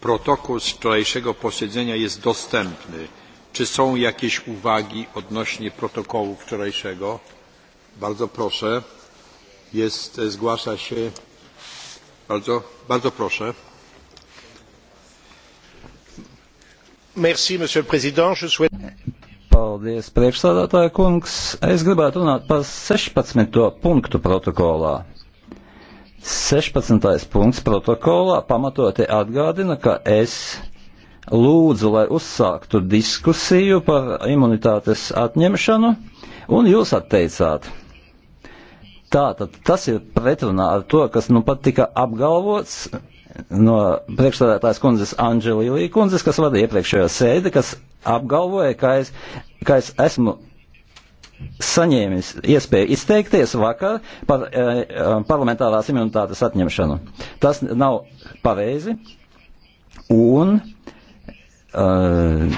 Protokół z wczorajszego posiedzenia jest dostępny. Czy są jakieś uwagi odnośnie protokołu wczorajszego? Bardzo proszę. Jest, zgłasza się. Bardzo, bardzo proszę. Merci, monsieur le président. Je souhaite... Paldies, priekšsādātāja kungs. Es gribētu runāt par 16. punktu protokolā. 16. punkts protokolā pamatoti atgādina, ka es lūdzu, lai uzsāktu diskusiju par imunitātes atņemšanu, un jūs atteicāt. Tātad tas ir pretrunā ar to, kas nu pat tika apgalvots no priekšstādātājas kundzes Anģelīlī kundzes, kas vada iepriekšējo sēdi, kas apgalvoja, ka es, ka es esmu saņēmis iespēju izteikties vakar par e, parlamentārās imunitātes atņemšanu. Tas nav pareizi un Uh,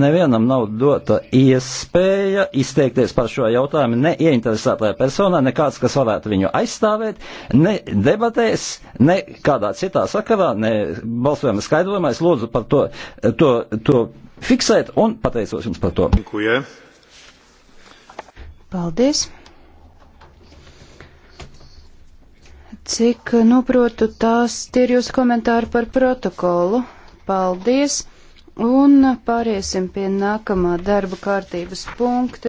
nevienam nav dota iespēja izteikties par šo jautājumu neieinteresētajā personā, nekāds, kas varētu viņu aizstāvēt, ne debatēs, ne kādā citā sakarā, ne balsojuma skaidrojumā. Es lūdzu par to, to, to fiksēt un pateicos jums par to. Dziękuję. Paldies! Cik noprotu, tās tie ir jūsu komentāri par protokolu. Paldies! Un pāriesim pie nākamā darba kārtības punkta.